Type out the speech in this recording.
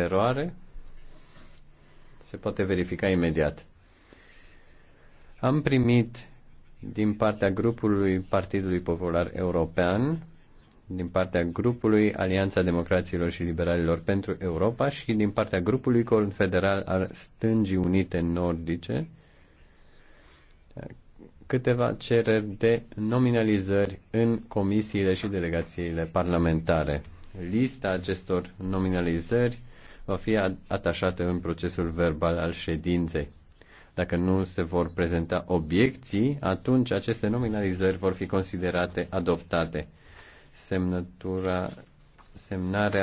eroare se poate verifica imediat. Am primit din partea grupului Partidului Popular European, din partea grupului Alianța Democraților și Liberalilor pentru Europa și din partea grupului confederal al Stângii Unite Nordice câteva cereri de nominalizări în comisiile și delegațiile parlamentare. Lista acestor nominalizări va fi atașată în procesul verbal al ședinței. Dacă nu se vor prezenta obiecții, atunci aceste nominalizări vor fi considerate adoptate. Semnătura, semnarea